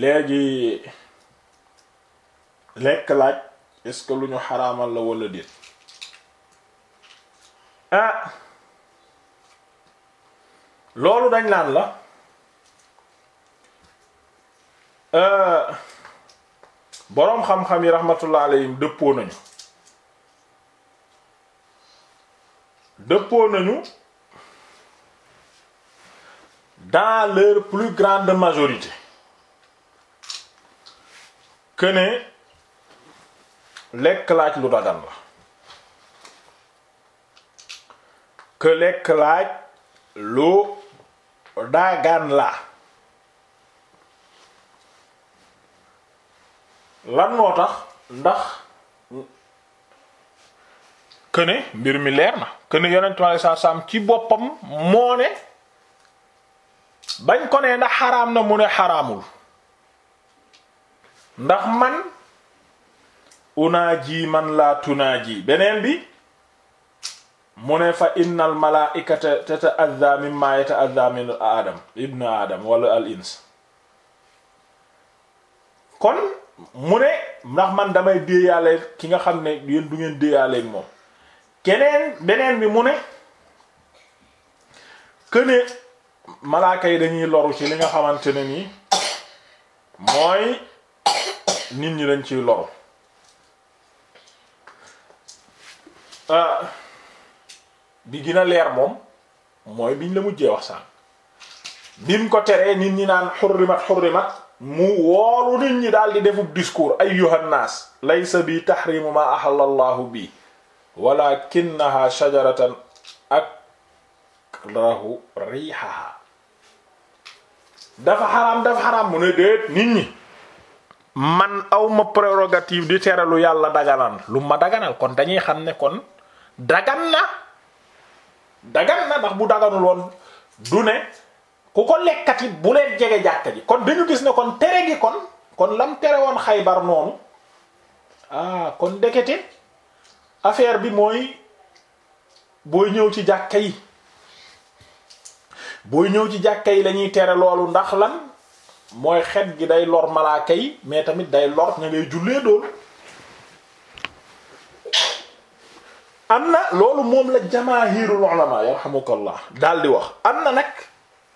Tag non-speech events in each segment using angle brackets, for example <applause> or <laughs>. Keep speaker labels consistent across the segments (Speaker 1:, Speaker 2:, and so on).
Speaker 1: léegi lekk laaj est lu ñu xaraamal la wala déet ah loolu dañ naan la euh, boroom xam-xam yi rahmatullah alayhim dëppoo nañu dëppoo nañu dans leur plus grande majorité këne lekk laaj lu dagan la que lekk laaj lu dagan la lan moo tax ndax këne mbir mi leer na këne yonent mi alayhi salaam ci boppam moo ne bañ ko nee ndax xaraam na mu ne xaraamul ndax man unaaji man laa tunaaji beneen bi mu ne fa innal malaaikata tata'adha mimma yata'adha min aadam ibnu aadam wala al ins kon mu ne ndax man damay déeyaale ki nga xam ne yéen du ngeen déeyaale moom keneen beneen bi mu ne këne malaaka yi dañuy loru ci li nga xamante ne nii mooy nit ñi lañ ciy loru ah, bi gën leer moom mooy biñ la mujjee wax sànq bim ko teree nit ñi naan xurrimat xurrimat mu woolu nit ñi daal di defub discours ayyuhan naas laysa bi tahrimu ma ahalla allahu bi walakinaha shajaratan akrahu rihaha dafa xaraam dafa xaraam mu ne déet nit ñi man awma prérogative di tere lu yàlla daganal lu ma daganal kon dañuy xam ne kon dagan na dagan na ndax bu daganul woon du ne ku ko lekkati bu leen jege jàkka ji kon dañu gis ne kon tere gi kon kon lam tere woon xaybar noonu ah kon ndeketi affaire bi mooy booy ñëw ci jàkka yi booy ñëw ci jàkka yi lañuy tere loolu ndax lan mooy xet gi day lor malaaka yi mais tamit day lor ña ngay jullee doon am na loolu moom la jamaahirul ulama yarhamukallah daal di wax am na nag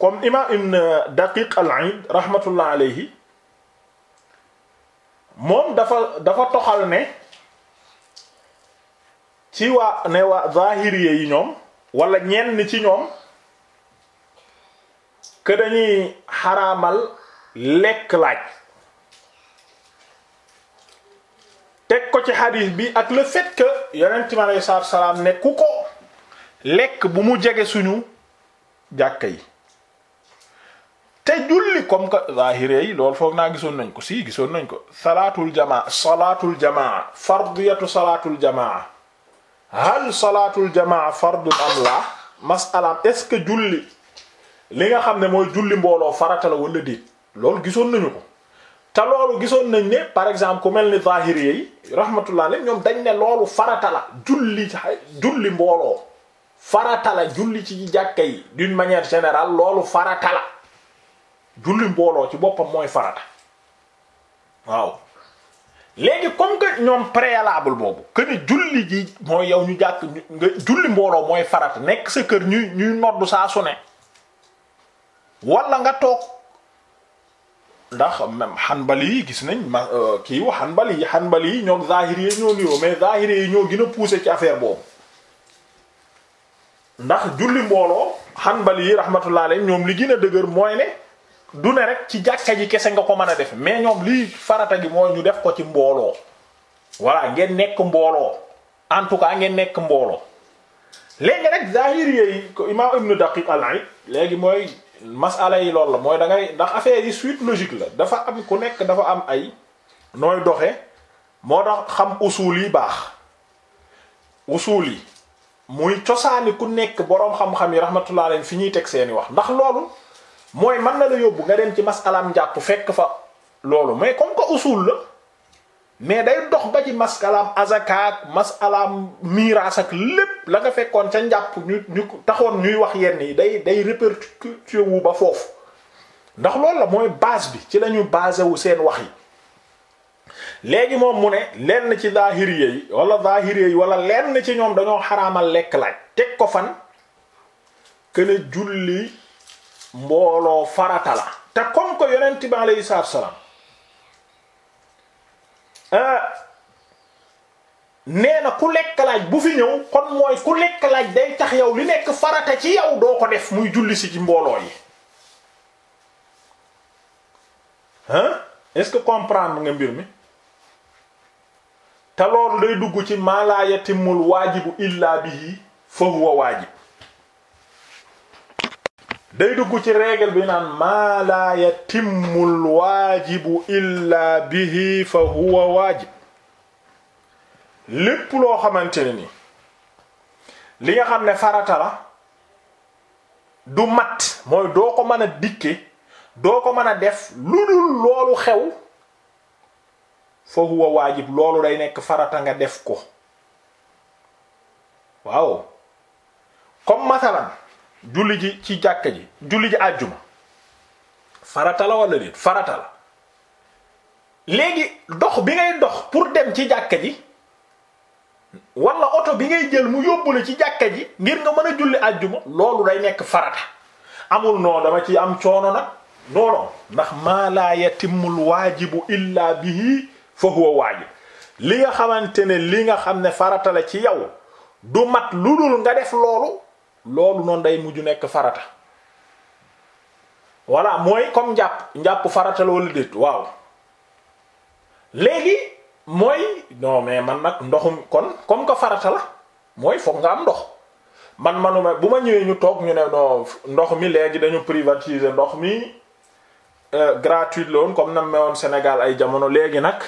Speaker 1: comme imam ibn daqiq al-Aid rahmatullah alayhi moom dafa dafa toxal ne ci waa ne waa zahiriya yi ñoom wala ñenn ci ñoom que dañuy xaraamal lekk laaj teg ko ci xadiis bi ak la fait que yonent mi aleyhi ko lekk bu mu jege suñu jàkka yi te julli comme que zahire yi loolu foog naa gisoon nañ ko si gisoon nañ ko salaatul jamaa salaatul jamaa fardiyatu salaatul jamaa hal salaatul jamaa fardu am masalaam est-ce que julli li nga xam ne mooy julli mbooloo farata la wala déet loolu gisoon nañu ko te loolu gisoon nañ ne par exemple ku mel ni zahiri yi rahmatullah alayhi ñoom dañ ne loolu farata la julli julli mbooloo farata la julli ci jàkka yi d'une manière générale loolu farata la mbooloo ci boppam mooy farata waaw léegi comme que ñoom préalable boobu que julli ji mooy yow ñu jàkk nga julli mbooloo mooy farata nekk sa kër ñuy ñuy noddu saa su ne wala nga toog. ndax même xanbali yi gis nañ ma euh, kii wu xanbali yi xanbali yi ñoom zahiri yi ñoo niroo mais zahiri yi ñoo gën a poussé ci affaire boobu ndax julli mbooloo xanbali yi rahmatullah ñoom li gën dëgër mooy ne du ne rek ci jàkka ji kese nga ko man a def mais ñoom lii farata gi mooy ñu def ko ci mbooloo voilà ngeen nekk mbooloo en tout cas ngeen nekk mbooloo léegi rek zahiri yi imam ibnu daqiq al-Aid léegi mooy masala yi loolu la mooy da ndax affaire yi suite logique la dafa am ku nekk dafa am ay nooy doxe moo tax xam usul yi baax usul yi muy cosaani ku nekk boroom xam-xam yi rahmatullah alayhi fi ñuy teg seeni wax ndax loolu mooy mën na la yóbbu nga dem ci masalaam njàpp fekk fa loolu mais comme que usul la mais day dox ba ci maskalaam azakaak masalaam miiraas ak lépp la nga fekkoon ca njàpp ñu ñu taxoon ñuy wax yenn yi day day répercuté wu ba foofu ndax loolu la mooy base bi ci lañu basé wu seen wax yi léegi moom mu ne lenn ci zaahiriye yi wala zaahiriye yi wala lenn ci ñoom dañoo xaraamal lekk laaj teg ko fan kële julli mbooloo farata la te comme que yonent bi alayhi salaam Euh, nee na ku lekk laaj bu fi ñëw kon mooy ku lekk laaj day tax yow li nekk farata ci yow doo ko def muy julli si ci mbooloo yi hein est-ce que comprendre nga mbir mi te loolu day dugg ci ma la yatimul waajibu illa bi yi huwa waajib day dugg ci règle bi naan maa laa yatimmul waajibu illaa bihi fa huwa waajib lépp loo xamante ni li nga xam ne farata la du mat mooy doo ko mën a dikke doo ko mën a def lu dul loolu xew fa huwa waajib loolu day nekk farata nga def ko waaw comme masalan julli ji ci jàkka ji julli ji àjjuma farata la wala déet farata la léegi dox bi ngay dox pour dem ci jàkka ji wala oto bi ngay jël mu yóbbu la ci jàkka ji ngir nga mën a julli àjjuma loolu day nekk farata amul noo dama ci am coono nag noonu ndax maa laa yatimul waajibu illaa bihi fa huwa waajib li nga xamante ne li nga xam ne farata la ci yow du mat lu dul nga def loolu loolu noonu day mujj nekk farata voilà mooy comme njàpp njàpp farata la wala waaw léegi mooy non mais man nag ndoxum kon comme que farata la mooy foog nga am ndox man manuma bu ma ñëwee ñu toog ñu ne no ndox mi léegi dañu privatiser ndox mi euh, gratuit la comme na mewoon senegal ay jamono léegi nag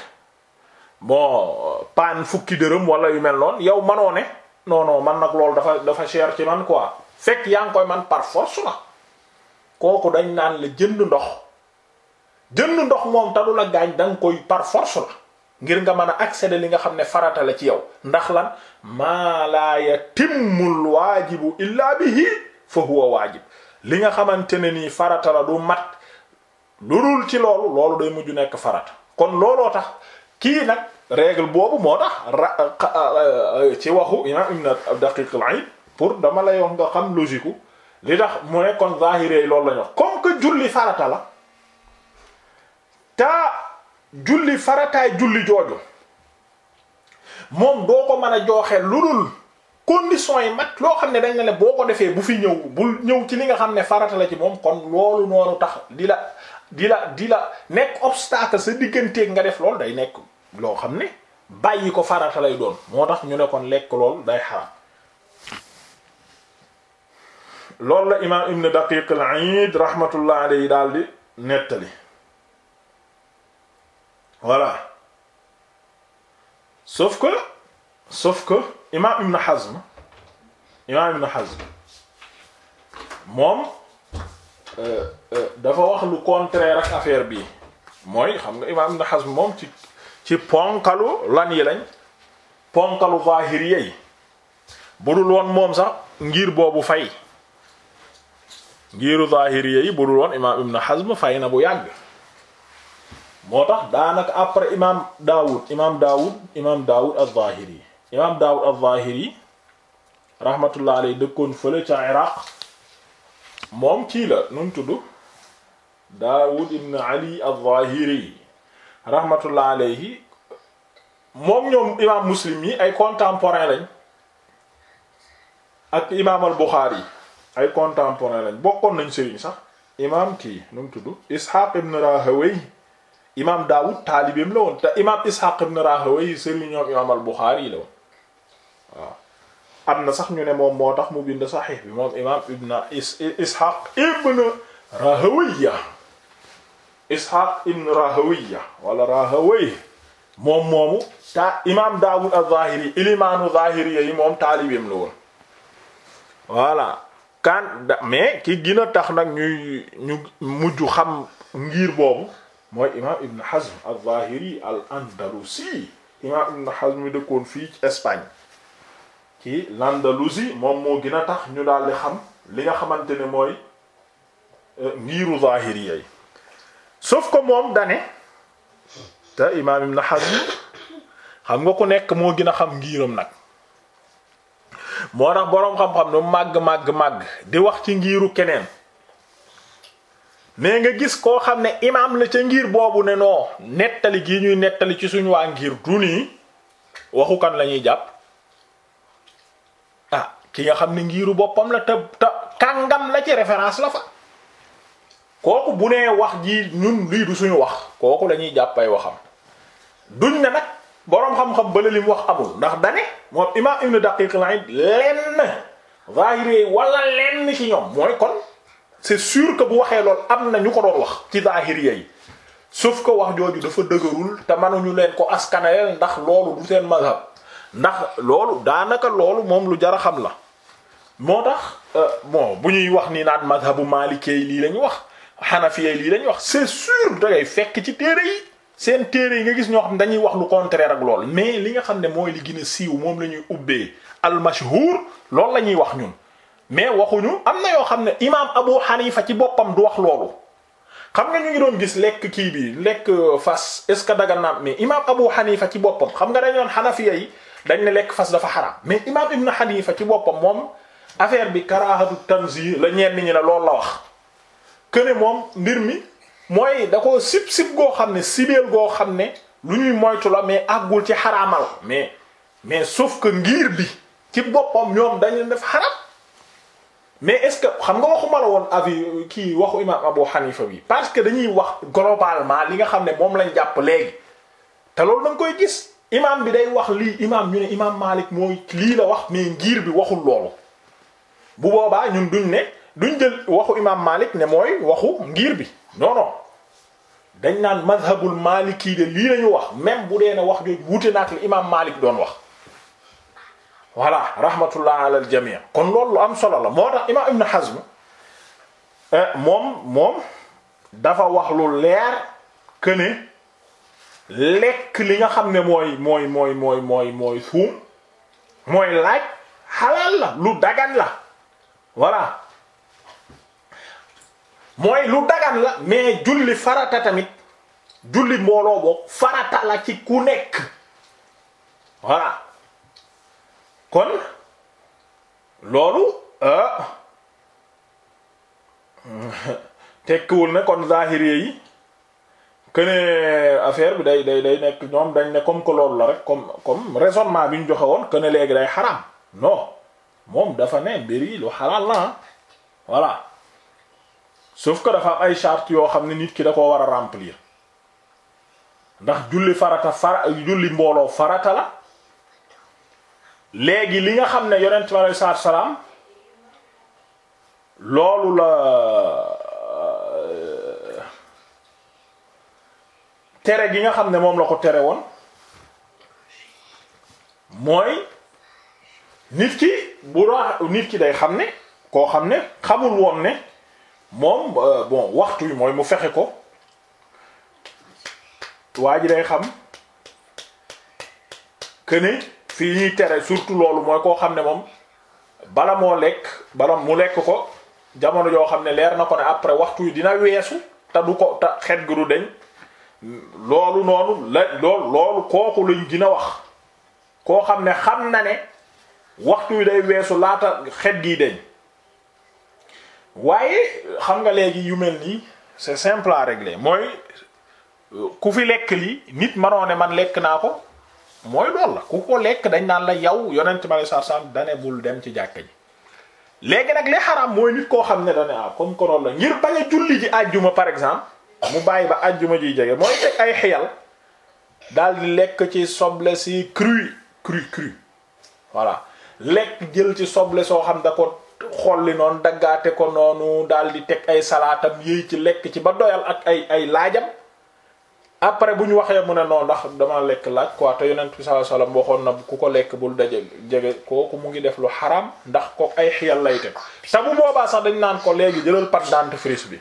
Speaker 1: bon euh, paan fukki dërëm walla yu mel noon yow manoo ne non man nag loolu dafa dafa cher ci man quoi fekk yaa ngi koy man par la kooku dañ naan la jënd ndox jënd ndox moom te du la gaañ da nga koy par la ngir nga mën a accéder li nga xam ne farata la ci yow ndax lan maa laa yatimmul waajibu illaa bihi fa huwa waajib li nga xamante ne nii farata la du mat lu dul ci loolu loolu day mujj nekk farat kon looloo tax kii nag règle boobu moo tax ra ci waxu imam ibn daqiq al-aid pour dama la yoon nga xam logique u li tax mu ne kon zahiri loolu la ñu wax comme que julli farata la taa julli farataay julli jooju moom doo ko mën a jooxe lu dul conditions yi mat loo xam ne dañ ne ne boo ko defee bu fi ñëw bul ñëw ci li nga xam ne farata la ci moom kon loolu noonu tax di la di la di la nekk obstacle sa digganteeg nga def loolu day nekk loo xam ne bàyyi ko farata lay doon moo tax ñu ne kon lekk lool day xaraam loolu la imaam ibn daqiq al-Iid rahmatullah i daal di nettali voilà sauf que sauf que imaam ibn Hazm imaam ibn Hazm moom euh, euh, dafa wax lu contraire ak bi mooy xam nga imaam ibn Hazm moom ci ci ponkalu lan yi lañ ponkalu zahir bu dul woon moom sax ngir boobu fay ngiru zahir yey bu dul woon imaam Ibn Hazm fay na bu yàgg moo tax daanaka après imaam Daawud imaam Daawud imaam Daawud imaam Daawud az-Zahiri rahmatullah alayhi dëkkoon fële ca Iraq moom kii la nu tudd Daawud ibn Ali az-Zahiri rahmatullah alayhi moom ñoom imaam muslim yi ay contemporain lañ ak imaam al Buxaari yi ay contemporain lañ bokkoon nañ sëriñ sax imaam kii nu mu tudd Ishaq ibn Rahawey imaam Daawud taalibeem la woon te imaam Ishaq ibn Rahawey sëriñ ñoom imaam al Buxaari yi la woon waaw am na sax ñu ne moom moo tax mu bind saxiix bi moom imaam ibn Ishaq ibn Rahawey Ishaq ibn Rahawiya wala Rahawayh moom moomu ta imaam Daawud az-Zahiri ilimaanu Zahiriya yi moom taalibeem la woon voilà da mais ki gën tax nag ñu mujj xam ngir boobu mooy imaam Ibn Hazm az-Zahiri al-Andalusi imaam Ibn Hazm mi dëkkoon fii ci Espagne ki l'Andalousie moom moo gën a tax ñu daal di xam li nga xamante ne mooy euh, ngiiru Zahiriya yi sof ko moom dane te imaam Ibn Hazm xam nga ku nekk moo gën a xam ngiiram nag moo tax boroom xam-xam nu màgg màgg màgg di wax ci ngiiru keneen mais nga gis koo xam ne imaam la ca ngiir boobu ne noo nettali gi ñuy nettali ci suñu waa ngir du nii waxu kan la jàpp ah ki nga xam ne ngiiru boppam la te te kàngam la ci référence la fa. kooku bu nee wax ji ñun lii du suñu wax kooku lañuy ñuy jàppay waxam duñ ne nag boroom xam-xam bële wax amul ndax dane moom imaam ibnu daqiq al-Id lenn zahiri wala lenn ci ñoom mooy kon c'est sûr que bu waxee lool am na ñu ko doon wax ci zahiri yi sauf ko wax jooju dafa dëgërul te mënuñu leen ko askanaleel ndax loolu du seen mazhab ndax loolu daanaka loolu moom lu jar a xam la moo tax euh, bon bu ñuy wax ni naan mazhabu maalikee lii la ñu wax xanafiya lii lañuy wax c'est sûr dangay fekk ci téere yi seen téere yi nga gis ñoo xam ne dañuy wax lu contrer ak lool mais li nga xam ne mooy li gën a siiw moom la ñuy ubbee almashhur loolu la ñuy wax ñun mais waxuñu am na yoo xam ne imaam Abu Hanifa ci boppam du wax loolu xam nga ñu ngi doon gis lekk kii bi lekk euh, fas est ce que dagan na mais imaam Abu Hanifa ci boppam xam nga dañ doon xanafiya yi dañ ne lekk fas dafa xaraam mais imaam Ibn Hanifa ci boppam moom affaire bi karaahatu tanzih la ñenn ñi ne loolu la wax. këne moom mbir mi mooy da ko sib sib goo xam ne sibeel goo xam ne lu ñuy moytu la mais àggul ci xaraamal mais mais sauf que ngir bi ci boppam ñoom dañu def xaraam mais est-ce que xam nga waxuma la woon avis kii waxu imam Abu Hanifa bi parce que dañuy wax globalement li nga xam ne moom lañ jàpp léegi te loolu da koy gis imam bi day wax lii imam ñu ne imam Malik mooy lii la wax mais ngir bi waxul loolu bu boobaa ñun duñ ne duñ jël waxu imaam Malik ne mooy waxu ngiir bi non dañ naan mazhabul maliki de lii lañu wax même bu dee ne wax jooju wuute na ak li imaam Malik doon wax. voilà rahmatullah ala al kon loolu am solo la moo tax imaam Ibn Hazm eh, moom moom dafa wax lu leer que lekk li nga xam ne mooy mooy mooy mooy mooy mooy suum mooy laaj xalaal la lu dagan la voilà. mooy lu dagan la mais julli farata tamit julli mbooloo boog farata la ci ku nekk voilà kon loolu ah <laughs> tekkiwul ne kon zahiri yi que ne affaire bi day day day nekk ñoom dañ ne comme que loolu la rek comme comme raisonnement bi ñu joxe woon que léegi day xaraam non moom dafa ne mbir lu xalaal la voilà. sauf que dafa ay charte yoo xam ne nit ki da ko war a remplir ndax julli farata fara julli mbooloo farata la léegi li nga xam ne yonent bi aleyhi salaatu salaam loolu la euh, tere gi nga xam ne moom la ko tere woon mooy nit ki bu nit ki day xam ne koo xam ne xamul woon ne moom euh, bon waxtu wi mooy mu fexe ko waa ji day xam que ne fii tere surtout loolu mooy koo xam ne moom bala moo lekk bala mu lekk ko jamono joo xam ne leer na ko ne après waxtu wi dina weesu te du ko te xet gi du deñ loolu noonu la loolu loolu kooku dina wax koo xam ne xam na ne waxtu wi day weesu laata xet gi deñ waaye xam nga léegi yu mel nii c'est simple à régler mooy ku fi lekk lii nit manoo ne man lekk naa ko mooy loolu la ku ko lekk dañ naan la yow yonent ma lay sarsam dane bul dem ci jàkka ji léegi nag li xaraam mooy nit koo xam ne dane ah comme que loolu la ngir bañ a julli ji àjjuma par exemple mu bàyyi ba àjjuma jiy jege mooy teg ay xiyal daal di lekk ci soble si cru cru cru voilà lekk jël ci soble soo xam da ko li noonu daggaate ko noonu daal di teg ay salaatam yéy ci lekk ci ba doyal ak ay ay laajam après bu ñu waxee mu ne non ndax dama lekk laaj quoi te yonent bi sallallahu alayhi wasallam waxoon na ku ko lekk bul daje jege kooku mu ngi def lu xaram ndax ko ay xiyal lay teg te bu boobaa sax dañ naan ko léegi jëlal pâte dentifrice bi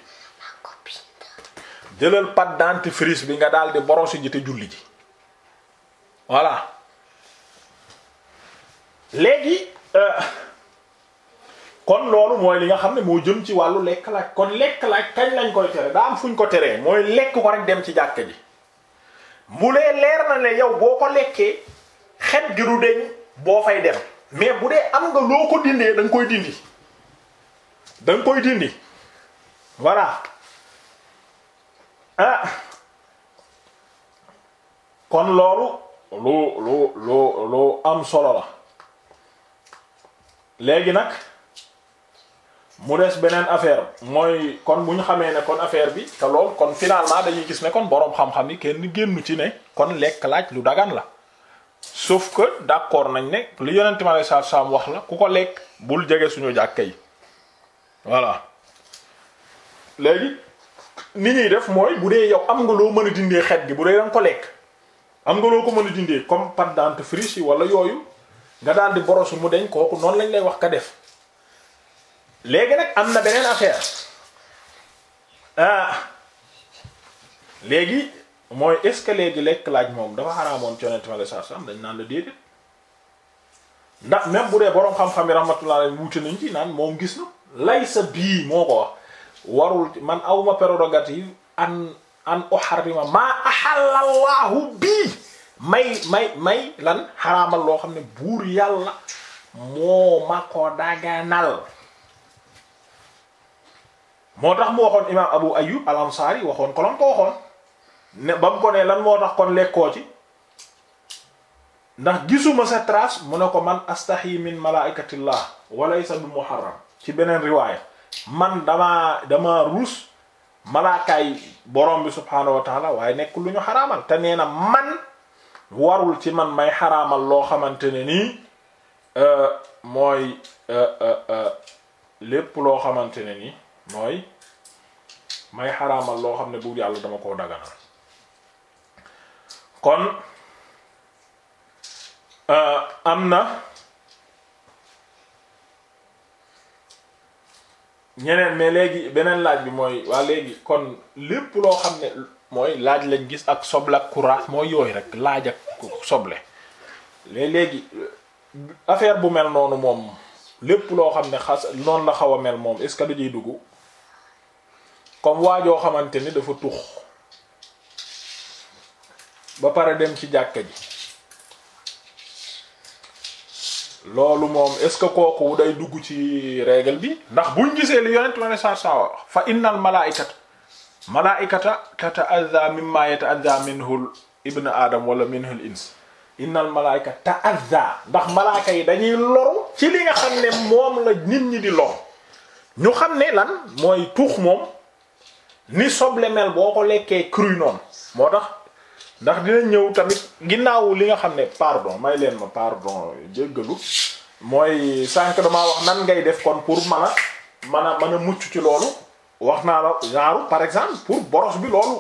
Speaker 1: jëlal dant dentifrice bi nga daal di borosi ji te julli ji voilà léegi. Euh, kon loolu mooy li nga xam ne moo jëm ci wàllu lekk laaj kon lekk laaj kañ lañ koy tere daa am fuñ ko teree mooy lekk ko rek dem ci jàkk ji bu lee leer na ne yow boo ko lekkee xet gi du deñ boo fay dem mais bu dee am nga loo ko dindee da nga koy dindi da nga koy dindi voilà ah. kon loolu lu lu lu lu am solo la léegi nag mu des beneen affaire mooy kon bu ñu xamee ne kon affaire bi te lool kon finalement dañuy gis ne kon boroom xam-xam yi kenn génnu ci ne kon lekk laaj lu dagan la sauf que d'accord nañ ne li yonent ma saa saam wax na ku ko lekk bul jege suñu jàkka yi voilà léegi ni ñuy def mooy bu dee yow am nga loo mën a dindee xet gi bu dee danga ko lekk am nga loo ko mën a dindee comme pâte dentifrice yi wala yooyu nga daan di borosu mu deñ kooku noonu lañ lay wax ka def. léegi nag am na beneen affaire ah léegi mooy est-ce que léegi lekk laaj moom dafa xaraamoon ci yonent ma saa saam dañ naan la déedéet ndax même bu dee boroom xam-xam yi rahmatullah alayhi wuute nañ ci naan moom gis na lay sa bii moo ko wax warul man awma prérogative an an uharrima maa ahallallahu bii may may may lan xaraamal loo xam ne buur yàlla moo ma ko daganal moo tax mu waxoon imaam Abu Ayyub al waxoon ko ko waxoon ne ba mu ko ne lan moo tax kon lekkoo ci ndax gisuma sa trace mu ne ko man astahi min malaa'ikatillah wa laysa bi muharram ci beneen riwaaya man dama dama ruus malaakaay borom bi subhaanahu wa waaye nekk lu ñu xaraamal te nee na man warul ci man may xaraamal loo xamante ne nii euh, mooy euh, euh, lépp loo xamante ne nii mooy may xaraamal loo xam ne bu yàlla dama koo daganal kon euh, am na ñeneen mais léegi beneen laaj bi mooy waa léegi kon lépp loo xam ne mooy laaj lañ gis ak soble ak kuraas mooy yooyu rek laaj ak soble léeg léegi euh, affaire bu mel noonu moom lépp loo xam ne xas noonu la xaw a mel moom est-ce que dañuy dugg comme waajoo xamante ni dafa tux ba pare dem ci jàkka ji loolu moom est-ce que kooku day dugg ci règle bi ndax buñ gisee li yonent ma ne saa saa wax fa innal malaa'ikata malaa'ikata tata'adha mimma yata'adha minhu ibn adam wala minhu al ins innal malaa'ika ndax malaaka yi dañuy loru ci li nga xam ne moom la nit ñi di lor ñu xam ne lan mooy tuux moom ni soble mel boo ko lekkee cru noonu moo tax ndax dina ñëw tamit ginnaawu li nga xam ne pardon may leen ma pardon jéggalu mooy sànq damaa wax nan ngay def kon pour mën a mën mucc ci loolu wax naa la genre par exemple pour boros bi loolu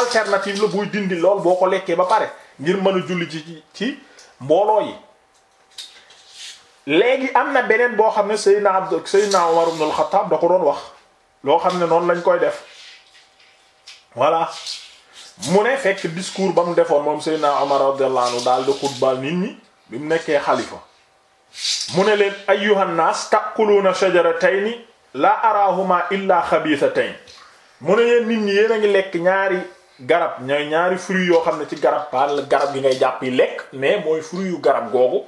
Speaker 1: alternative la buy dindi lool boo ko lekkee ba pare ngir mën a julli ci ci mbooloo yi léegi am na beneen boo xam ne Seydina Abd Seydina Umar ibn al da ko doon wax loo xam ne noonu lañ koy def voilà mu ne fekk discours ba mu defoon moom Seydina Omar radiyallahu anhu daal di xutbal nit ñi bi mu nekkee xalifa mu ne leen ayyuhan naas taquluuna shajaratayni laa araahuma illaa tey mu ne leen nit ñi yéen a ngi lekk ñaari garab ñooy ñaari fruits yoo xam ne ci garab par garab gi ngay jàpp yi lekk mais mooy fruit yu garab googu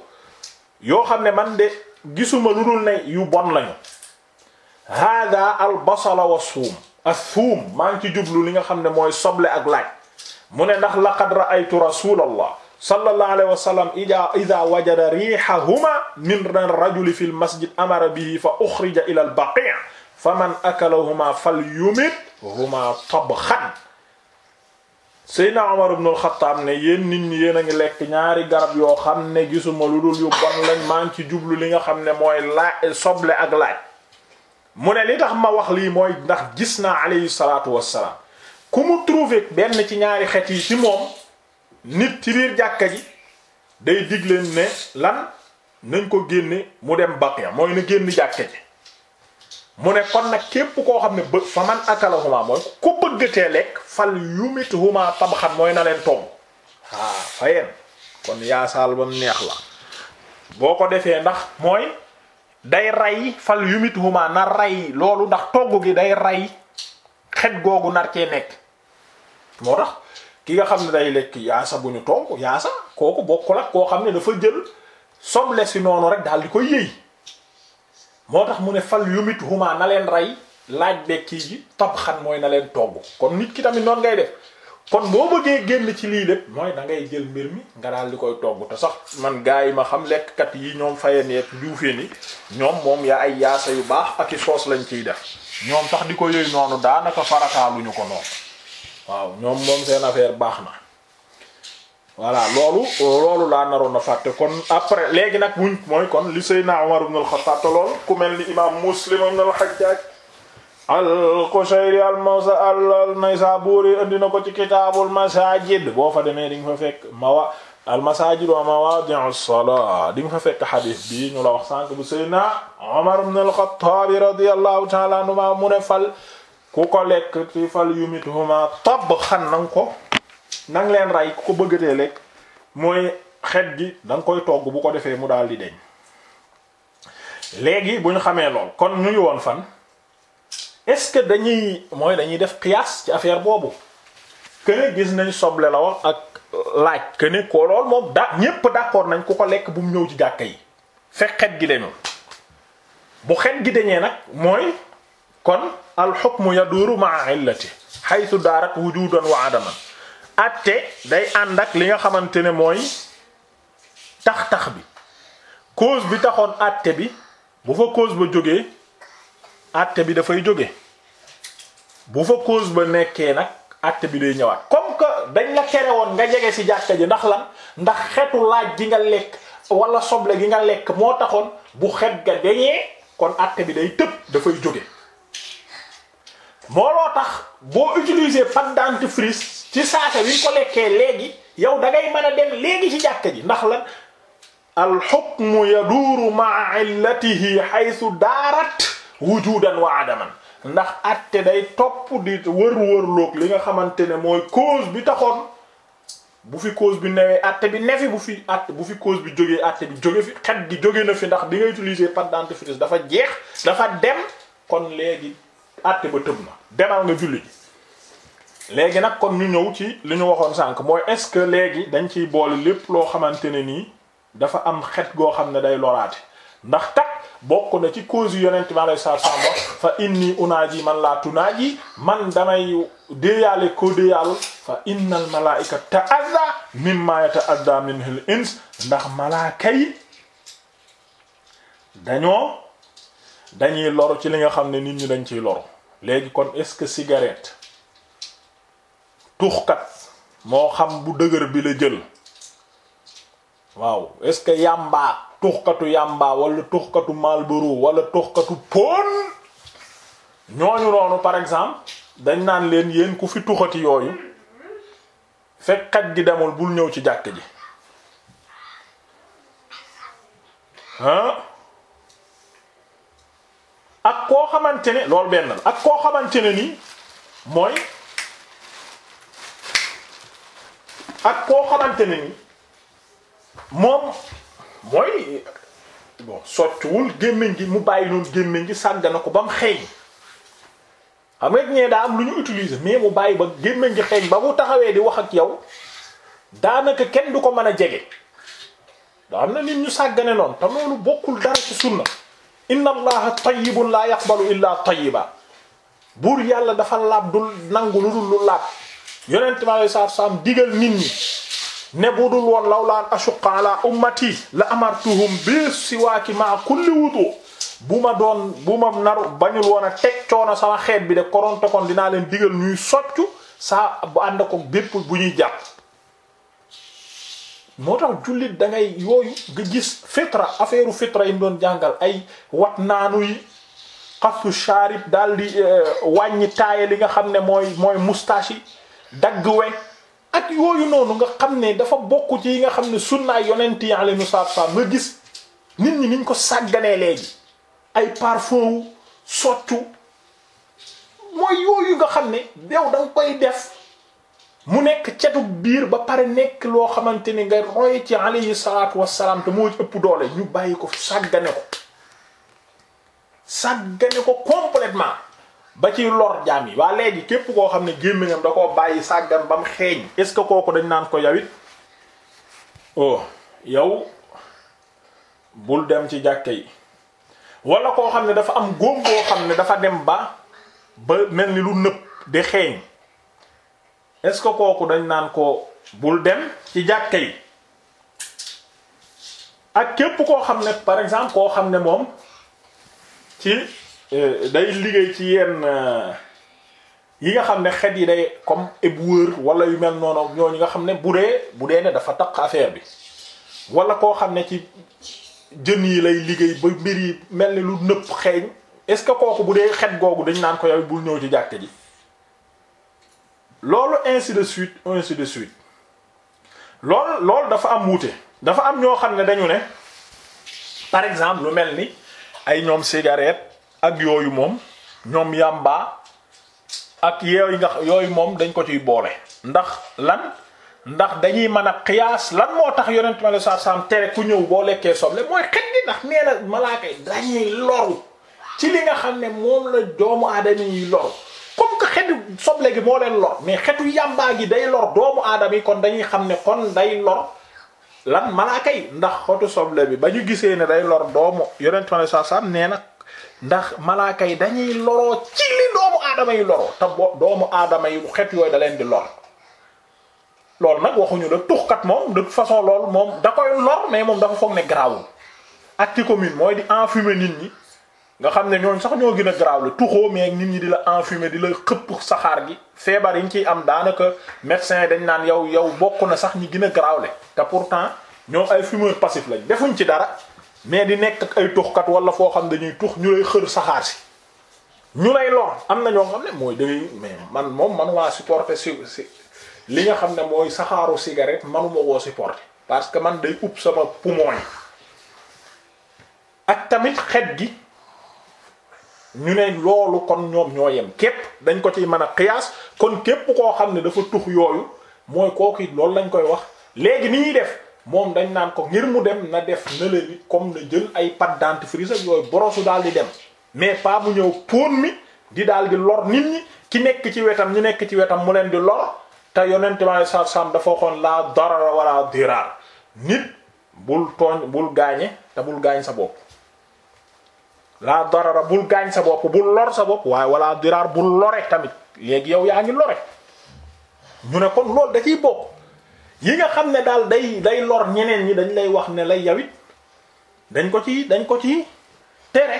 Speaker 1: yoo xam ne man de gisuma lu dul ne yu bon lañu hada al basala assuum maa ngi ci jublu li nga xam ne mooy soble ak laaj mu ne ndax laqad ra'aytu rasulallah sallallahu alayhi wa sallam ida ida wajada riihahuma min rajuli fi l masjid amara bihi fa uxrija ila al baqi' faman akalahuma falyumithuma tabxan Seydina Umar ibn al-Khattab ne yéen nit ñi yéen a ngi lekk ñaari garab yoo xam ne gisuma lu dul yu bon lañ maa ngi ci jublu li nga xam ne mooy laaj soble ak laaj mu ne li tax ma wax lii mooy ndax gis naa alayhi salaatu wassalaam ku mu trouvé benn ci ñaari xet yi ci moom nit ci biir jàkka ji day digle ne lan nañ ko génne mu dem baqiya mooy na génn jàkka ji mu ne kon nag képp koo xam ne bë fa man akala huma mooy ku bëggatee lekk fal yu yumit huma tabxan mooy na leen tomb ah fayen kon yaasaal bam neex la boo ko defee ndax mooy day ray fal yumit huma na ray loolu ndax togg gi day ray xet googu nar cee nekk moo tax ki nga xam ne day lekk yaasa bu ñu togg yaasa kooku bokkul ak koo xam ne dafa jël soble si noonu rek daal di koy yëy moo tax mu ne fal yumit huma na leen ray laaj bekkii ji tab xan mooy na leen togg kon nit ki tamit noonu ngay def kon boo bëggee génn ci lii lépp mooy da ngay jël mbir mi nga daal di koy togg te sax man gaa yi ma xam lekkkat yi ñoom fayeen yeeg juufeen yi ñoom moom yaa ay yaasa yu baax ak i soos lañ ciy def ñoom sax di ko yëy noonu daanaka farataaluñu ko noonu waaw ñoom moom seen affaire baax na voilà loolu loolu laa naroon a fàtte kon après léegi nag wuñ mooy kon li Seydina Umar ibn al-Khattab te ku mel ni imam Muslim ibn al-Hajjaj al-Qushayri al-Mawsa al-Naysaburi indi na ko ci kitaabul masaajid boo fa demee di nga fa fekk mawa al-masaajid wa mawaadi'u as-salaa di nga fa fekk xadiis bi ñu la wax sànq bu Seydina Umar ibn al-Khattab radiyallahu ta'ala anhu mu ne fal ku ko lekk ci fal yumituhuma tabxan na nga ko na leen rey ku ko bëggatee lekk mooy xet gi da koy togg bu ko defee mu daal di deñ léegi bu ñu xamee lool kon ñu ngi fan. est-ce que dañuy mooy dañuy def qiyaas ci affaire boobu kene gis nañu soble la wax ak euh, laaj kene ko lool moom da ñépp d'accord nañ ku ko lekk bu mu ñëw ci jàkka yi fekk xet gi deñul bu xet gi deñee nag mooy kon al hukmu yaduru ma'a illati haythu daarat wujudan wa adaman atte day ànd ak li nga xamante ne mooy tax-tax bi cause bi taxoon atte bi bu fa cause ba jógee àtte bi dafay jóge bu fa cause ba nekkee nag àtte bi day ñëwaat comme que dañ la tere woon nga jege ci jàkka ji ndax lan ndax xetu laaj gi nga lekk walla soble gi nga lekk moo taxoon bu xet ga deñee kon àtte bi day tëb dafay jóge mooloo tax boo utiliser pâte dentifrice ci saasa wi ko lekkee léegi yow da ngay mën a dem léegi ci jàkka ji ndax lan al hukmu yaduuru ma'a illatihi haythu daarat wujudan wa adaman ndax atte day topp di wër wër loog li nga xamante ne mooy cause bi taxoon bu fi cause bi newee atte bi nefi bu fi atte bu fi cause bi jógee atte bi jóge fi xet di jóge na fi ndax bi nga utiliser pâte dentifrice dafa jeex dafa dem kon léegi atte ba tëb na demal nga julli ji léegi nag kon ñu ñëw ci li ñu waxoon sànq mooy est-ce que léegi dañ ciy boole lépp loo xamante ne nii dafa am xet goo xam ne day loraate ndax tak bokk na ci cause yu yonent bi alayhi fa inni yi man laa tunaaji man damay déeyaale ko déeyal fa innal malaa'ika ta'adda mimmaa yata'adda minhul ins ndax malaaka dañoo dañuy loru ci li nga xam ne nit ñi dañ ciy loru léegi kon est-ce que cigarette tuxkat moo xam bu dëgër bi la jël waaw est-ce tuxkatu yàmbaa wala tuxkatu Marlboro wala tuxkatu pon ñooñu noonu par exemple dañ naan leen yéen ku fi tuxati yooyu fekkat gi demul bul ñëw ci jàkk ji ak koo xamante loolu benn la ak koo xamante ne ni mooy ak koo xamante ne moom mooy bon sottiwul gémmiñ gi mu bàyyi noonu gémmiñ gi sàggana ko ba mu xeeñ xam nga ñee daa am lu ñu utiliser mais mu bàyyi ba gémmiñ gi xeeñ ba mu taxawee di wax ak yow daanaka kenn du ko mën a jege da am na nit ñu sàggane noonu te loolu bokkul dara ci sunna inna allaha tayyibun la yaqbalu illa tayyiba buur yàlla dafa laab du nangu lu dul lu laab yonent mi sallallahu alayhi digal nit ñi ne bu dul woon lawlaan ashuqqa ala ummati la amartuhum bi siwaaki ma kulli wudu bu ma doon bu ma naru bañul woon a teg coono sama xeet bi de koronte kon dinaa leen digal ñuy soccu saa bu ànd ko bépp bu ñuy jàpp moo tax jullit dangay ngay yooyu nga gis fitra affaire fitra yi doon jàngal ay wat naanu yi xasu sharib daal di eh, wàññi taaye li nga xam ne mooy mooy dagg we ak yooyu noonu nga xam ne dafa bokk ci yi nga xam ne sunna yonent yi alayhimu salaam nga gis nit ñi niñ ko sàgganee léegi ay parfum soccu nga xam ne yow da koy def mu nekk cetu biir ba pare nekk loo xamante ni nga roy ci alayhi salaatu wassalaam te moo ëpp doole ñu bàyyi ko sàggane ko sàggane ko complètement ba ci lor jàmm yi waa léegi képp koo xam ne gémmiñam da koo bàyyi sàggan ba mu xeeñ est-ce que kooku dañ naan ko yawit oh yow bul dem ci jàkke yi wala koo xam ne dafa am góom boo xam ne dafa dem ba ba mel ni lu nëb di xeeñ est-ce que kooku dañ naan ko bul dem ci jàkke yi ak képp koo xam ne par exemple koo xam ne moom ci Euh, day liggéey ci yenn euh, yi nga xam ne xet yi day comme éboueur wala yu mel noonu ñooñu nga xam ne bu dee bu dee ne dafa taq affaire bi wala koo xam ne ci jën yi lay liggéey ba mbir yi mel ni lu nëpp xeeñ est-ce que kooku bu dee xet googu dañ naan ko yow bul ñëw ci jàkk ji loolu ainsi de suite ainsi de suite loolu loolu dafa am wuute dafa am ñoo xam ne dañu ne par exemple lu mel ni ay ñoom cigarette ak yooyu moom ñoom yàmbaa ak yooyu nga yooyu moom dañ ko ciy boole ndax lan ndax dañuy mën a xiyaas lan moo tax yonent ma la saa tere ku ñëw boo lekkee soble mooy xet gi ndax nee na malaaka yi dañuy loru ci li nga xam ne moom la doomu aadama yi loru comme que xetu soble gi moo leen lor mais xetu yàmbaa gi day lor doomu aadama yi kon dañuy xam ne kon day lor lan malaaka yi ndax xotu soble bi ba ñu gisee ne day lor doomu yonent ma la saa nee na ndax malaaka yi dañuy loroo ci li doomu aadama yi loroo te bo doomu aadama yi xet yooyu da leen di lor loolu nag waxuñu la tuxkat moom de façon lool moom da koy lor mais moom dafa foog ne garaawul ak ci commune mooy di enfumer nit ñi nga xam ne ñooñ sax ñoo gën a garaaw la mais nit ñi di la enfumer di la xëpp saxaar gi feebar yi ñu ciy am daanaka médecin dañ naan yow yow bokk na sax ñi gën a garaaw le te pourtant ñoo ay fumeur passif lañ defuñ ci dara mais di nekk ak ay tuxkat wala foo xam ne dañuy tux ñu lay xër saxaar si ñu lay lor am na ñoo xam ne mooy dangay mais man moom man waa supporter si si li nga xam ne mooy saxaaru cigarette manuma woo supporter parce que man day ub sama poumon yi ak tamit xet gi ñu ne loolu kon ñoom ñoo yem képp dañ ko ciy mën a xiyaas kon képp koo xam ne dafa tux yooyu mooy kooku it loolu lañ koy wax léegi ni ñuy def moom dañ naan ko ngir mu dem na def nële comme na jël ay pâte dentifrice ak yooyu borosu daal di dem mais pas mu ñëw póon mi di daal di lor nit ñi ki nekk ci wetam ñi nekk ci wetam mu leen di lor te yonent bi sallallahu alayhi wasallam dafa waxoon la darara wala dirar nit bul tooñ bul gaañe te bul gaañ sa bopp la darara bul gaañ sa bopp bul lor sa bopp waaye wala dirar bul lore tamit léegi yow yaa ngi lore ñu ne kon loolu da ciy bokk yi nga xam ne daal day day lor ñeneen ñi dañ lay wax ne lay yawit dañ ko ci dañ ko ci tere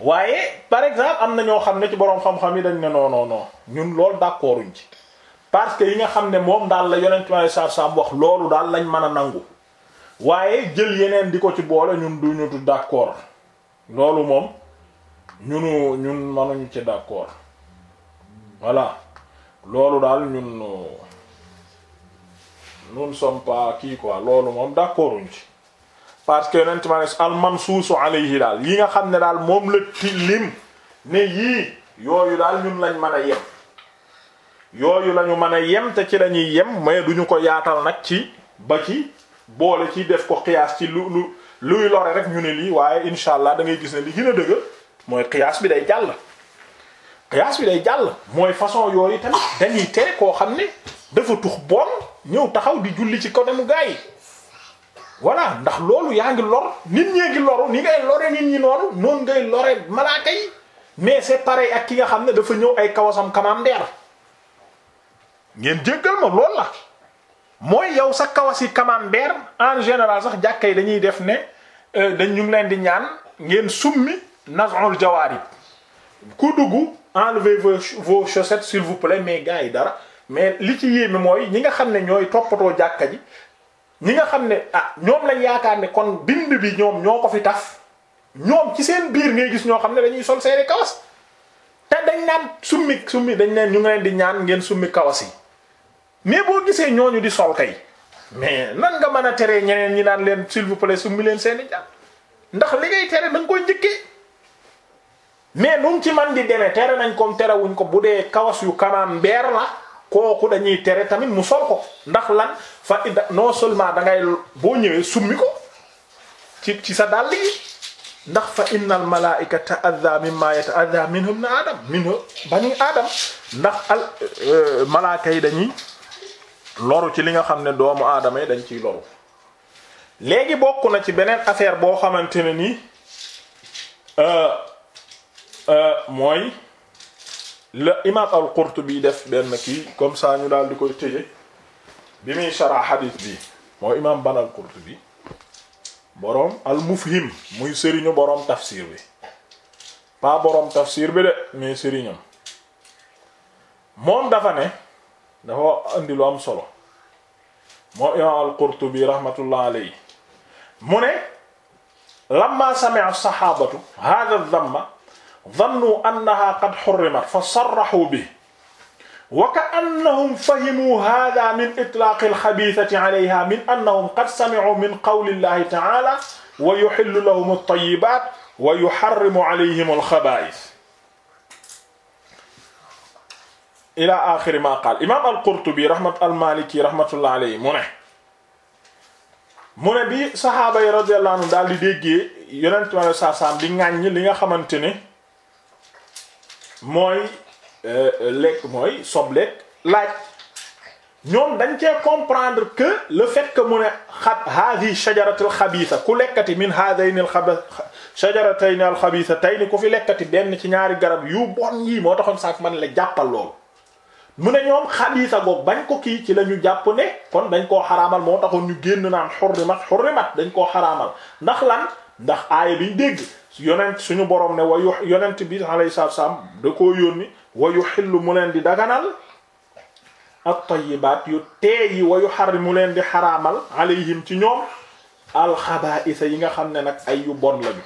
Speaker 1: waaye par exemple am na ñoo xam ne ci boroom xam-xam yi dañ ne non non non ñun loolu d'accorduñ ci parce que yi nga xam ne moom daal la yonent ma sar sam wax loolu daal lañ mën a nangu waaye jël yeneen di ko ci boole ñun duñu du d'accord loolu moom ñunu ñun mënuñu ci d'accord voilà loolu daal ñun nous ne sommes pas kii quoi loolu moom d'accord uñ ci parce que yonent ma ne almansuusu alayhi daal yi nga xam ne daal moom la tilim ne yii yooyu daal ñun lañ mën a yem yooyu lañu mën a yem te ci lañuy yem mais duñu ko yaatal nag ci ba ci boole ci def ko xiyaas ci lu lu luy lore rek ñu ne lii waaye incha allah da ngay gis ne li gën a dëgg mooy xiyaas bi day jàll xiyaas bi day jàll mooy façon yooyu tamit dañuy tere koo xam ne dafa tux bool ñëw taxaw di julli ci côté mu gaa yi voilà ndax loolu yaa ngi lor nit ñee ngi loru ni ngay lore nit ñi noonu noonu ngay lore malaaka yi mais c'est pareil ak ki nga xam ne dafa ñëw ay kawasam kamaam ngeen jéggal ma loolu la mooy yow sa kawas yi kamaam en général sax jàkka yi dañuy def ne euh, dañ ñu leen di ñaan ngeen summi naz'ul jawarib ku dugg enlevez vos chaussettes s'il vous plaît mais gars yi dara mais li ci yéeme mooy ñi nga xam ne ñooy toppatoo jàkka ji ñi nga xam ne ah ñoom lañ yaakaar ne kon bind bi ñoom ñoo ko fi taf ñoom ci seen biir ngay gis ñoo xam ne dañuy sol seeni kawas te dañ naan summi summi dañ neen ñu ngi leen di ñaan ngeen summi kawas yi mais boo gisee ñooñu di sol kay mais nan nga mën a teree ñeneen ñi naan leen s'il vous plaît summi leen seeni jàpp ndax li ngay tere da koy njëkkee mais nu ci man di demee tere nañ comme terewuñ ko bu dee kawas yu kanaan mbeer la kooku dañuy tere tamit mu sol ko ndax lan fa ida non seulement da ngay boo ñëwee summi ko ci ci sa dàll yi ndax fa innal malaa'ika ta'adha mimma yata'adha minhum na adam minhu bani adam ndax al euh, malaaka yi dañuy loru ci li nga xam ne doomu aadama yi dañ ciy loru léegi bokk na ci beneen affaire boo xamante ne nii euh, euh, mooy la imaam al-Qurtubi def benn ki comme ça ñu daal di koy tëje bi muy shara hadith bi moo imaam ban al-Qurtubi boroom al-Mufhim muy sëriñu boroom tafsir bi pas boroom tafsir bi de mais sëriñam moom dafa ne dafa indi lu am solo moom imaam al-Qurtubi rahmatullah alayhi mu ne lamma sami'a as-sahabatu hadha adh dhannu annaha qad hurrimat fa sarrahu bihi wa ka'annahum fahimu hadha min itlaqi al-khabithati 'alayha min annahum qad sami'u min qawli llahi ta'ala wa yuhillu lahum at-tayyibat wa yuharrimu 'alayhim al-khaba'ith ila axiri ma qaal imaam al-Qurtubi rahmat al-Maliki rahmatullah alayhi mu ne mu ne bi saxaaba yi radiyallahu anhu daal di déggee yonent mi sallallahu alayhi wasallam di ŋàññ li nga xamante ne mooy euh, euh, lekk mooy soble laaj ñoom dañ cee comprendre que le fait que mu ne xa hadi shajaratul xabiisa ku lekkati min hadayni al shajaratayni tey xabiisatayni ku fi lekkati benn ci ñaari garab yu bon yii moo taxoon sax man la jàppal loolu mu ne ñoom xabiisa goog bañ ko kii ci la ñu jàpp ne kon dañ koo xaraamal moo taxoon ñu génn naan xurrimat mat dañ koo xaraamal ndax lan ndax aaya biñ dégg yonent suñu borom ne wayu yonent bi alayhi salaam da koo yónni wayu xillu di daganal at tayyibaat yu teey yi wayu xar mu leen di xaraamal alayhim ci ñoom alxabaa'isa yi nga xam ne nag ay yu bon lañu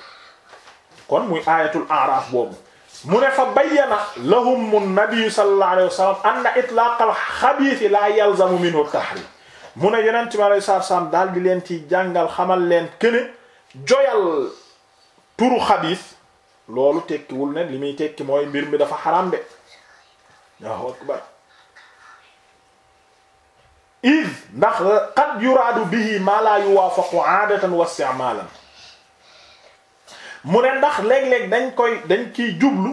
Speaker 1: kon muy aayatul aaraaf boobu mu ne fa bayyana lahum an-nabi sallallahu alayhi wa sallam anna itlaaq al-xabiis laa mu ne yonent bi alayhi salaam daal di leen ci jàngal xamal leen këne joyal turu xabiis loolu tekkiwul ne li muy tekki mooy mbir mi dafa xaram de waaw akbar iz ndax qad yuraadu bihi ma la yuwaafaqu aadatan wa isti'maalan mu ne ndax léeg-léeg dañ koy dañ ciy jublu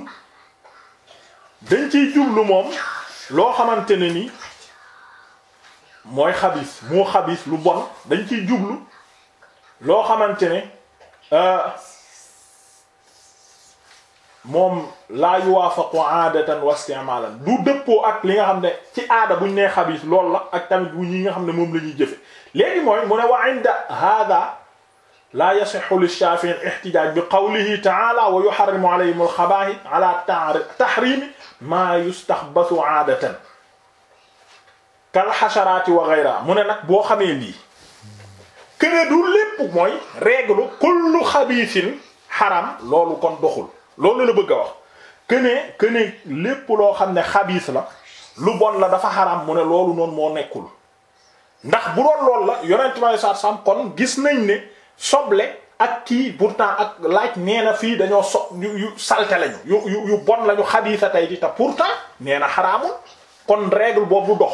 Speaker 1: dañ ciy jublu moom loo xamante ne ni mooy xabis moo xabis lu bon dañ ciy jublu loo xamante euh, moom laa yuwaafaqu aadatan wa istimaalan du ak li nga xam ne ci aada buñ nee xabiis lool la ak tamit bu nga xam ne moom la ñuy jëfe léegi mooy mu ne wa inda hada laa yasixu lishaafi'i al-ihtijaaj bi qawlihi ta'aala wa yuharrimu alayhim al-xabaa'is ala tahriimi maa yustaxbasu aadatan kal xasharaati wa gayra mu ne nag boo xamee lii kene du lépp mooy règle kullu xabiisin xaram loolu kon doxul loolu la bëgg a wax que ne lépp loo xam ne xabiis la lu bon la dafa xaram mu ne loolu noonu moo nekkul ndax bu doon loolu la yonent bi saa sam kon gis nañ ne soble ak kii pourtant ak laaj nee fii dañoo so yu salte lañu yu yu yu bon lañu xabiisa tey di te pourtant nee na xaraamul kon règle boobu dox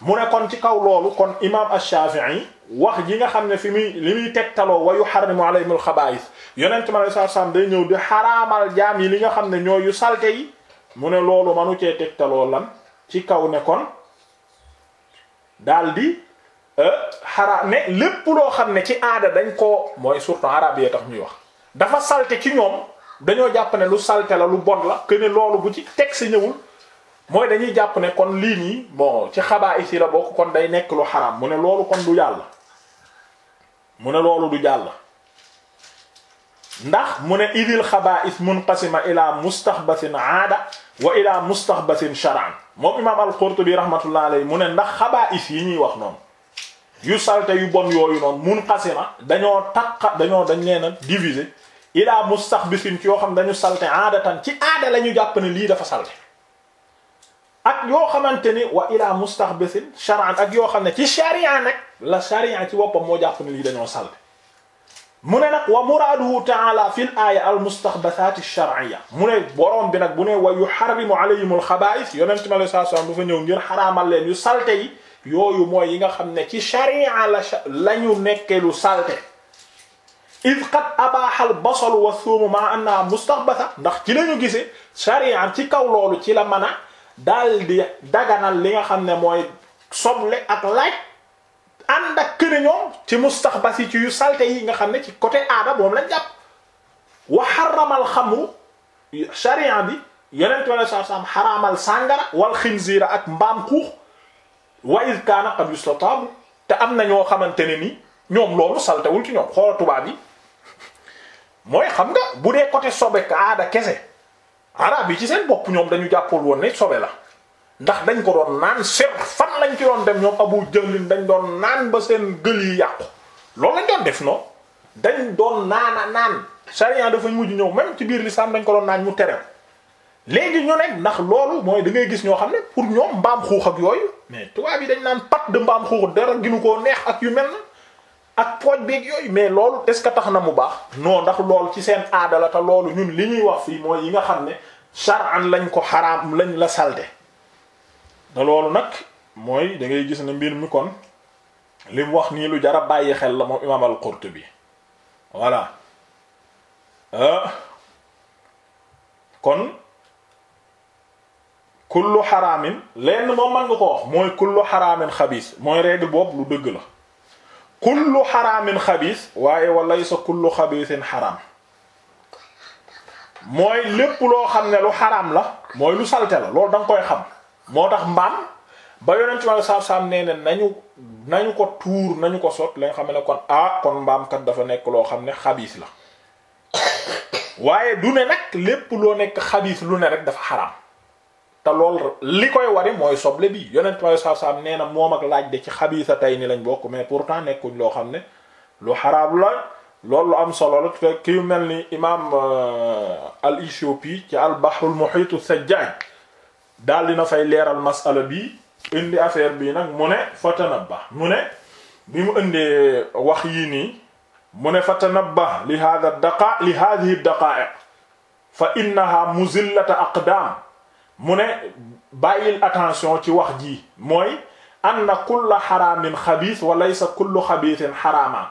Speaker 1: mu ne kon ci kaw loolu kon imaam Ash-Shafi'i wax ji nga xam ne fi muy li muy tegtaloo wa yuharrimu alayhimul xabaa'is yonent mi alayhi salaam day ñëw di xaraamal jaam yi li nga xam ne ñooy yu salte yi mu ne loolu manu cee tegtaloo lan ci kaw ne kon daal di euh, lépp loo xam ne ci aada dañ koo mooy surtout arab tax ñuy wax dafa salte ci ñoom dañoo jàpp ne lu salte la lu bon la que loolu bu ci teg si ñëwul mooy dañuy jàpp ne kon lii nii bon ci xabaa'is yi la bokk kon day nekk lu xaraam mu ne loolu kon du yàlla. mu ne loolu du jàll ndax mu ne idil xabaa'is munqasima ila mustaxbasin aada wa ila mustaxbasin shar'an moom imaam al-Qurtubi rahmatullah alayhi mu ne ndax xabaa'is yi ñuy wax noonu yu salte yu bon yooyu noonu munqasima dañoo takk dañoo dañ leen a diviser ila mustaxbasin ci yoo xam dañu salte aadatan ci aada la ñu jàpp ni lii dafa salte ak yoo xamante ni wa ila mustahbisin shar'an ak yoo xam ne ci sharia nag la sharia ci boppam moo jàpp ne lii dañoo salte mu ne nag wa muraaduhu ta'ala fil aaya al mustahbathaati shar'iyya mu ne borom bi nag bu ne wa yuharrimu alayhim al khaba'ith yonent mi alayhi salaatu wa salaam dafa ñëw ngir xaraamal leen yu salte yi yooyu mooy yi nga xam ne ci sharia la la ñu nekkee lu salte id qad abaaha al basal wa thuumu ma annaha mustahbatha ndax ci la ñu gisee sharia ci kaw loolu ci la mën a daal di daganal li nga xam ne mooy soble ak laaj ànd ak këne ñoom ci mustaxbas yi ci yu salte yi nga xam ne ci côté aada moom lañ jàpp wa xaramal xamu sharia bi yeneen wala saa saam sàngara wal xinziira ak mbaam xuux wa iz kaana qad yustataabu te am na ñoo xamante ne ni ñoom loolu saltewul ci ñoom xoola tubaab yi mooy xam nga bu dee côté sobe aada kese arab yi ci seen bopp ñoom dañu jàppul woon ne sobe la ndax dañ ko doon naan seet fan lañ ci doon dem ñoom abu jëlin dañ doon naan ba seen gël yi yàqu loolu lañ doon def noonu dañ doon naana naan sharia dafa mujj ñëw même ci biir lislaam dañ ko doon naan ñu terew léegi ñu nekk ndax loolu mooy da gis ñoo xam ne pour ñoom mbaam xuux ak yooyu mais tubaab yi dañ naan pat de mbaam xuux dara ginu koo neex ak yu mel na ak pooj beeg yooyu mais loolu des ce que tax na mu baax noo ndax loolu ci seen aada la loolu ñun li ñuy wax fii mooy yi nga xam ne shar'an lañ ko xaraam lañ la salde te loolu nag mooy dangay gis ne mbir mi kon li wax nii lu jara bàyyi xel la moom imaam al bi voilà euh, kon kullu xaraamin lenn moom mën nga ko wax mooy kullu xaraamin xabiis mooy règle boobu lu dëgg la kullu xaraamin xabiis waaye walaysa kullu xabiisin xaraam mooy lépp loo xam ne lu xaraam la mooy lu salte la loolu danga koy xam moo tax mbaam ba yonent ma saaf saaf nee ne nañu nañu ko tuur nañu ko sot lañ xam ne kon ah kon mbaam kat dafa nekk loo xam ne xabiis la waaye du ne nag lépp loo nekk xabiis lu ne rek dafa xaraam te lool li koy wari mooy soble bi yonent ma saaf saaf nee na moom ak laaj de ci xabiisa tey ni lañ bokk mais pourtant nekkuñ loo xam ne lu xaraam la. loolu am solo la te ki mel ni imaam euh, al Ithiopi ci al bahrul muhitu sajjaaj daal na fay leeral masala bi indi affaire bi nag mu ne fatanabba mu ne bi mu indee wax yi nii mu ne fatanabba li hada daqa li hadhihi daqa'iq fa innaha muzillata aqdam mu ne bàyyil attention ci wax ji mooy anna kulla xaraamin xabiis wa laysa kullu xabiisin xaraama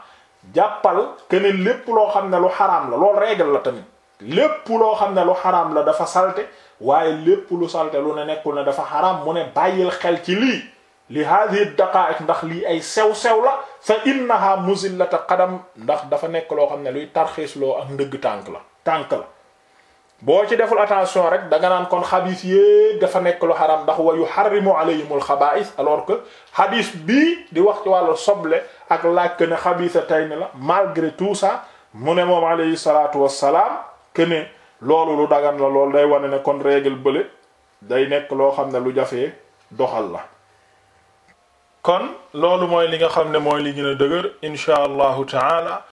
Speaker 1: jàppal keneen lépp loo xam ne lu xaram la loolu règle la tamit lépp loo xam ne lu xaram la dafa salte waaye lépp lu salte lu ne nekkul na dafa xaram mu ne bàyyil xel ci lii li hadhihi daqa'iq ndax lii ay sew-sew la fa innaha muzillata qadam ndax dafa nekk loo xam ne luy tarxiis loo ak ndëgg tànk la tànk la boo ci deful attention rek danga naan kon xabis yépp dafa nekk lu xaram ndax wa yuharrimu alayhimul xabaa'is alors que xabiis bii di wax ci wàllu soble ak laajte ne xabisa tey ni la malgré tout ça mu ne moom alayhi salaatu wassalaam que ne loolu lu dagan la loolu day wane ne kon règle bële day nekk loo xam ne lu jafee doxal la. kon loolu mooy li nga xam ne mooy li gën a dëgër incha allahu taala.